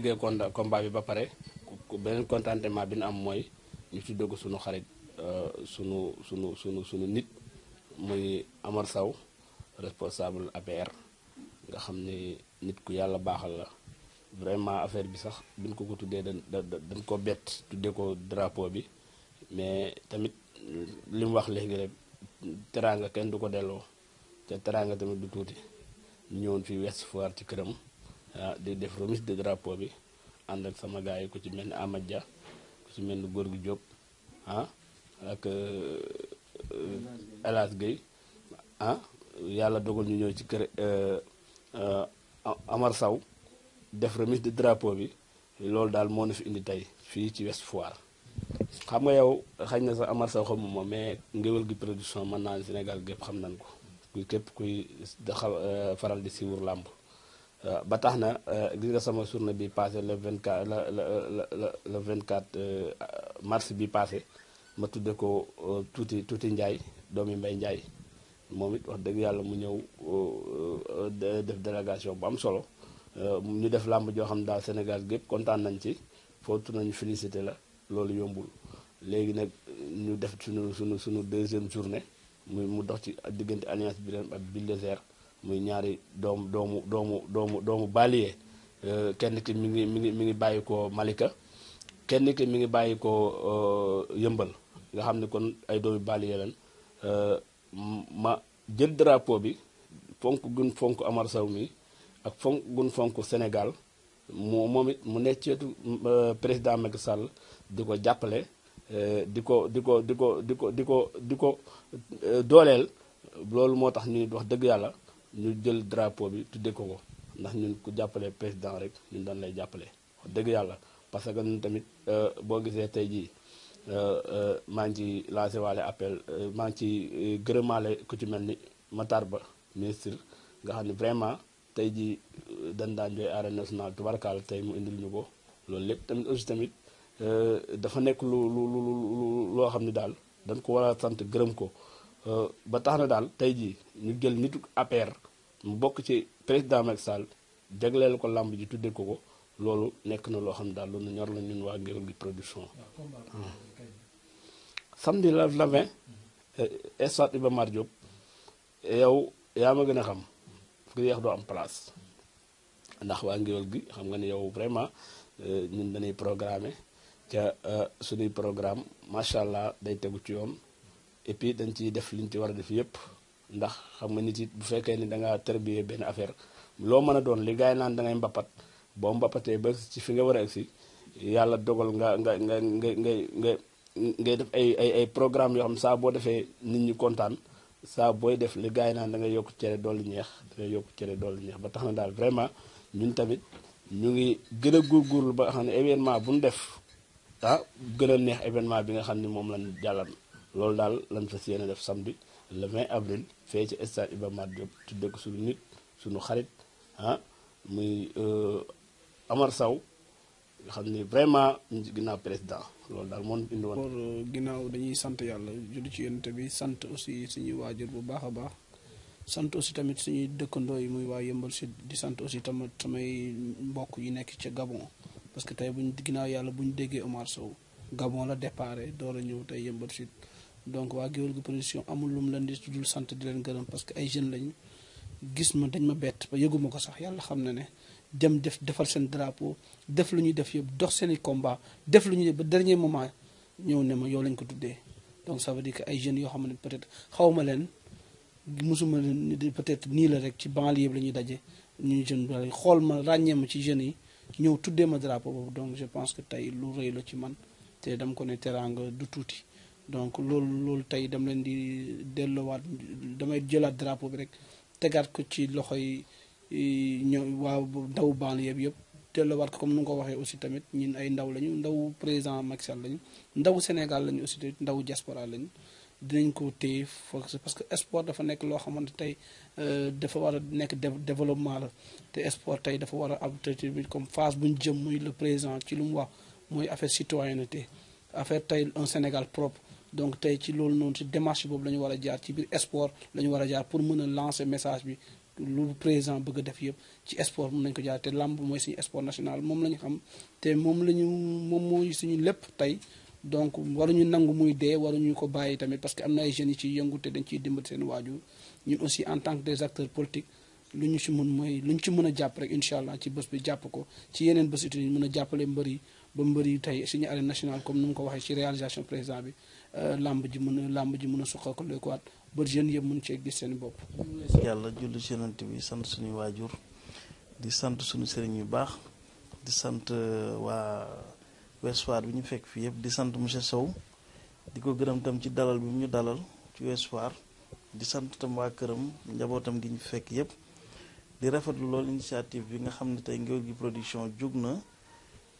konda komba bi ba pare ben contentement ma am moy ñu ci dogu suñu xarit euh, sunu sunu sunu sunu nit moy Amar Saw responsable APR nga xamni nit ku yalla baxal la vraiment affaire bi sax bin ko ko tuddee dañ dañ ko bet tuddee ko drapeau bi mais tamit lim wax legui rek teranga ken du ko delloo te teranga tamit du tuti ñewon fii wess Foire ci kërëm ah di def remise de drapeau bi ànd ak sama gars yi ku ci mel ni Amath Dia ci mel ni góor gu Diop ah ak euh, euh, El Hadj ah, yàlla dogal ñu ñëw ci kër euh, Amar saw def remise de drapo bi loolu daal moo na fi indi tey fii ci West Foire xam nga yow xañ na sax Amar Sow xamuma mais ngéwél gi production mën naa Sénégal gépp xam nañ ko kuy képp kuy daxa faral di siiwur làmb Euh, ba tax na euh, gis nga sama journée bi passé le 24 la la la le 24 euh, mars bi passé ma tudde ko tuuti tuuti Ndiaye doomi mbay Ndiaye moom it wax dëgg yàlla mu ñëw def délégation bu am solo ñu def làmb joo xam daal Sénégal gépp kontaan nañ ci foofu nañu félicité la loolu yombul léegi nag ñu def suñu sunu suñu deuxième journée mu mu dox ci diggante alliance bi ren ak Bulldozer muy ñaari doom doomu doomu doomu doomu baliye euh, kenn ki mu ngi mi ngi mi ngi bàyyi ko Malika kenn ki mi ngi bàyyi ko euh, yëmbal nga xam ne kon ay doomi baliye lan euh, ma jël drapeau bi fonk gun fonk Amar Sow mi ak fonk gun fonk Sénégal mu moom it mu nekk ci président Macky Sall di ko jàppale di ko di ko di ko di ko di ko di ko dooleel loolu moo tax ni wax dëgg yàlla ñu jël drapeau bi tuddee ko ko ndax ñun ku jàppalee président rek ñun dañ lay jàppale dëgg yàlla parce que ñun tamit euh, boo gisee tey jii euh, euh, maa ngi ci lancé waale appel maa ngi ci gërëmaale ku ci mel ni Matar Ba ministre nga xam ne vraiment tey jii dañ daan jooy arène nationale tubarkaal tey mu indil ñu ko loolu lépp tamit aussi tamit dafa nekk lu lu lu loo xam ne daal dañ ko war sant gërëm ko Euh, ba tax na daal tey jii ñu jël nitu APR mu bokk ci président Macky Sall jagleel ko làmb ji tuddee ko ko loolu nekk na loo xam ne daal loolu ñor la ñun waa Ngéwél gi production. Hmm. samedi la la vingt eh, stade Iba Mar Diop eh, yow yaa ma gën a xam fu yeex doo am place ndax waa Ngéwél gi xam nga ne yow vraiment eh, ñun dañuy programme ca sunuy programme macha allah day tegu ci yoon. et puis dañ ci def liñ ci war a def yépp ndax xam nga nit yi bu fekkee ni da nga terbiye benn affaire loo mën a doon li gaay naan da ngay mbapat boo mbapatee ba ci fi nga war a agsi yàlla dogal nga nga nga nga nga nga ngay def ay ay ay programme yoo xam saa boo defee nit ñi kontaan saa booy def li gaay naan da ngay yokk cere dool ñeex da ngay yokk cere dool ñeex ba tax na daal vraiment ñun tamit ñu ngi gën a góorgóorlu ba xam ne événement bu ñu def ah gën a neex événement bi nga xam ne moom lañ jàllan loolu daal lan fas yéene def samedi le mais avril fee ci stade Iba Mar Diop tuddee ko suñu nit suñu xarit ah muy euh, Amar saw nga xam ni vraiment ñu ngi ginnaaw président loolu daal moo indi pour euh, ginnaaw dañuy sant yàlla julli ci yonent bi sant aussi suñuy waajur bu baax a baax sant aussi tamit suñuy dëkkandoo yi muy waa Yëmbal Sud di sant aussi tamit samay mbokk yi nekk ca Gabon parce que tey buñ ginnaaw yàlla buñ déggee Omar Sow Gabon la déparé door tey Yëmbal Sud. donc waa géwél gi production amul lum lan di dul sant di leen gërëm parce que ay jeunes lañu gis ma dañ ma bett ba yëguma ko sax yàlla xam na ne dem def defal seen drapeau def lu ñuy def yëpp dox seen i combat def lu ñuy ba dernier moment ñëw ne ma yow lañ ko tuddee donc ça veut ay jeunes yoo xam ne peut-être xawma leen musuma leen peut-être nii la rek ci banlieue bi la ñuy daje ñuy jeune wala xool ma ràññee ma ci jeunes yi ñëw tuddee ma drapeau boobu donc je pense que tey lu rëy la ci man te dem ko ne teraanga du tuuti donc loolu loolu tey dam leen di delloowaat damay jëlaat drapeau bi rek tegaat ko ci loxo yi ñoom waa ndaw banlieue bi yëpp delloowaat ko comme nu nga ko waxee aussi tamit ñin ay ndaw lañu ndaw président Macky Sall lañu ndaw Sénégal lañu aussi tamit ndaw diaspora lañu dinañ ko téye parce que sport dafa nekk loo xamante tey euh, dafa war a nekk développement la te esport tey dafa war a am comme phase bu ñu jëm muy le présent ci lu mu wax mooy affaire citoyenneté affaire tey un Sénégal propre. donc tey ci loolu noonu ci démarche boobu la ñu war a jaar ci biir sport la war a jaar pour mën a lancer message bi lu présent bëgg a def yëpp ci sport mën nañu ko jaar te làmb mooy suñu sport national moom lañu xam te moom la ñu moom mooy suñu lépp tey donc war waruñu nangu muy dee waruñu ko bàyyi tamit parce que am na ay jeunes yi ciy yëngu te dañ ciy dimbali seen waajur ñun aussi en tant que des acteurs politiques lu ñu ci mun mooy lu ñu ci mën a jàpp rek incha allah ci bés bi jàpp ko ci yeneen bés yi mën a jàppale mbër yi ba mbër yi tey suñu arène nationale comme nu mu ko waxee ci réalisation président bi euh, làmb ji mën a làmb ji mën a suqalikuwaat ba jeunes yëpp mën cee gis seeni bopp. yàlla julli ci yonent bi sant suñu waajur di sant suñu sëriñ yu baax di sant euh, waa Ouest bi ñu fekk fii yëpp di sant monsieur Sow di ko gërëm tam ci dalal bi mu ñu dalal ci Ouest Foire di sant tam waa këram njabootam gi ñu fekk yëpp di rafetlu loolu initiative bi nga xam ne tey Ngéwél gi production jug na.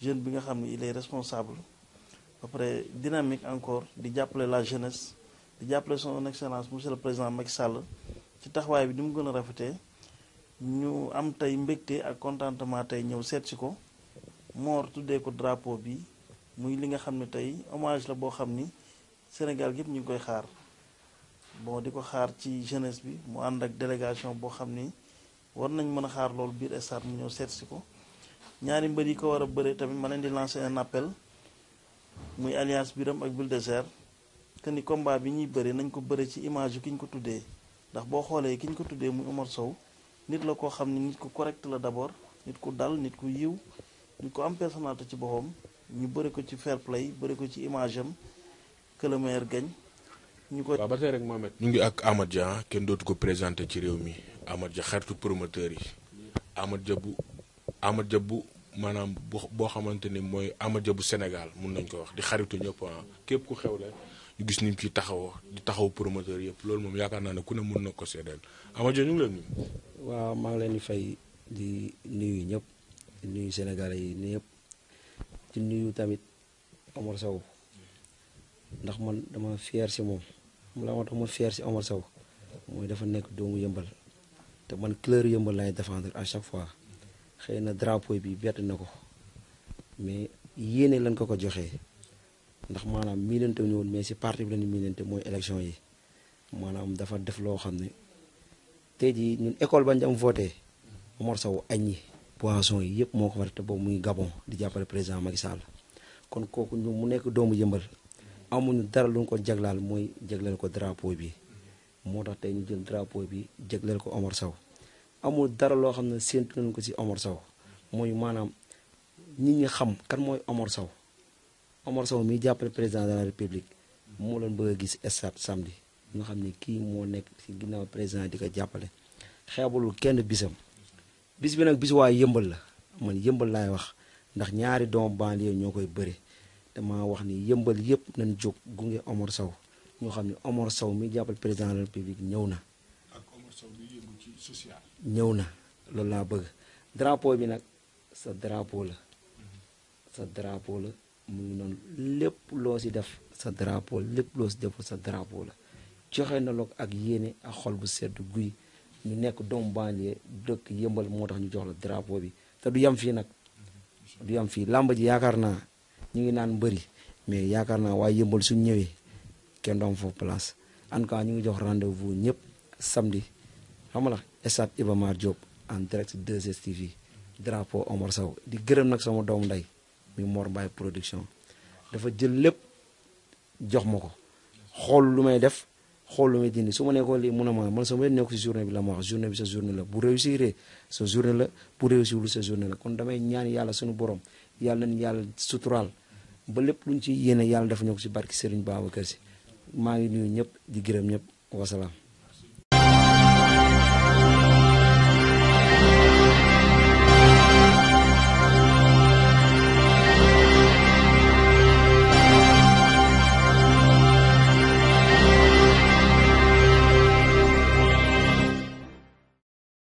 jeune bi nga xam il est responsable après dynamique encore di jàppale la jeunesse di jàppale son excellence monsieur le président Macky Sall ci taxawaay bi ni mu gën a rafetee ñu am tey mbégte ak contentement tey ñëw seet si ko Mor tuddee ko drapeau bi muy li nga xam ne tey hommage la boo xam ni Sénégal yëpp ñu ngi koy xaar bon di ko xaar ci jeunesse bi mu ànd ak délégation boo xam ni war nañ mën a xaar loolu biir stade mu ñëw seet si ko. ñaari mbër yi ko war a bëre tamit ma leen di lancer un appel muy alliance Birame ak Bulldozer que ni combat bi ñuy bëre nañ ko bëre ci image yu ki ñu ko tuddee ndax boo xoolee ki ñu ko tuddee muy Omar Sow nit la koo xam ni nit ku correct la d'abord nit ku dal nit ku yiw nit ko am personnalité ci boppam ñu bëri ko ci fair play bëri ko ci image am que le ñu ko. waaw ba tey rek ñu ngi ak Amath Dia kenn dootu ko présenté ci réew mi amat Dia xaritu promoteur yi Amath Amad jabu manam bo xamanteni moy mooy jabu Senegal mën nañ ko wax di xaritu ñëpp ah ku xew la ñu gis ni ci taxaw di taxaw promoteur yëpp loolu moom yaakaar naa ne ku ne mën na ko seedeel ñu ngi leen nuyu. waaw ngi leen di fay di nuyu ñëpp di nuyu Sénégalais yi ñëpp di nuyu tamit Omar saw ndax man dama fier si moom la wax dama fier si Omar saw mooy dafa nekk doomu yëmbal te man clair yëmbal lay défendre à chaque fois. xëy na drapeau bi bett na ko mais yéene lañ ko ko joxee ndax maanaam miinante ñu woon mais si parti bi lañu miinante mooy élection yi maanaam dafa def loo xam ne tey jii ñun école bañ am voté Omar Sow aññi poisson yi yëpp moo ko war te boobu mu Gabon di jàppale président Macky Sall kon kooku ñu mu nekk doomu yëmbal amuñu dara lu ñu ko jaglaal mooy jagleel ko drapeau bi moo tax tey ñu jël drapeau bi jagleel ko Omar saw amul dara loo xam ne séentu nañ ko si omor Sow mooy maanaam nit ñi xam kan mooy Omar Sow Omar Sow jàppale président de la république moo leen bëgg a gis stade samedi nga xam ne kii moo nekk si ginnaaw président di ko jàppale xeebalul kenn bisam bis bi nag bis waa yëmbal la man yëmbal laay wax ndax ñaari doomu banlieue ñoo koy bëri dama wax ni yëmbal yëpp nañ jóg gunge Omar Sow ñoo xam ne Omar Sow miy jàppale président de la république ñëw na ci ñëw na loolu laa bëgg drapeau bi nag sa drapo la sa drapo la mu ngi noonu lépp loo si def sa drapo lépp loo si def sa drapeau la joxe na look ak yéene ak xol bu sedd guy ñu nekk doom banlieue dëkk yëmbal moo tax ñu jox la drapeau bi te du yem fii nag du yem fii làmb ji yaakaar naa ñu ngi naan mbëri mais yaakaar naa waaye yëmbal suñ ñëwee kenn du am foofu place en tout cas ñu ngi jox rendez-vous ñëpp samdi xam esat Iba Mar job en direct 2 tv drapo Omar Sao. di gërëm nak sama dom ndey mi Mor Mbaye production dafa jël lépp jox Moko. Hol xool lu may def xool lu may dindi su ma nekkoon lii mun a ma man sama nekk si journée bi la ma wax journée bi sa journée la bu réussir sa journée la bu réussirul sa journée la kon damay ñaan yàlla suñu borom yàlla nañ yàlla suturaal ba lepp luñ ci yéene yalla dafa ñoo ci barki Serigne Babacar Si ma ngi nuyu ñëpp di gërëm ñëpp wasalaam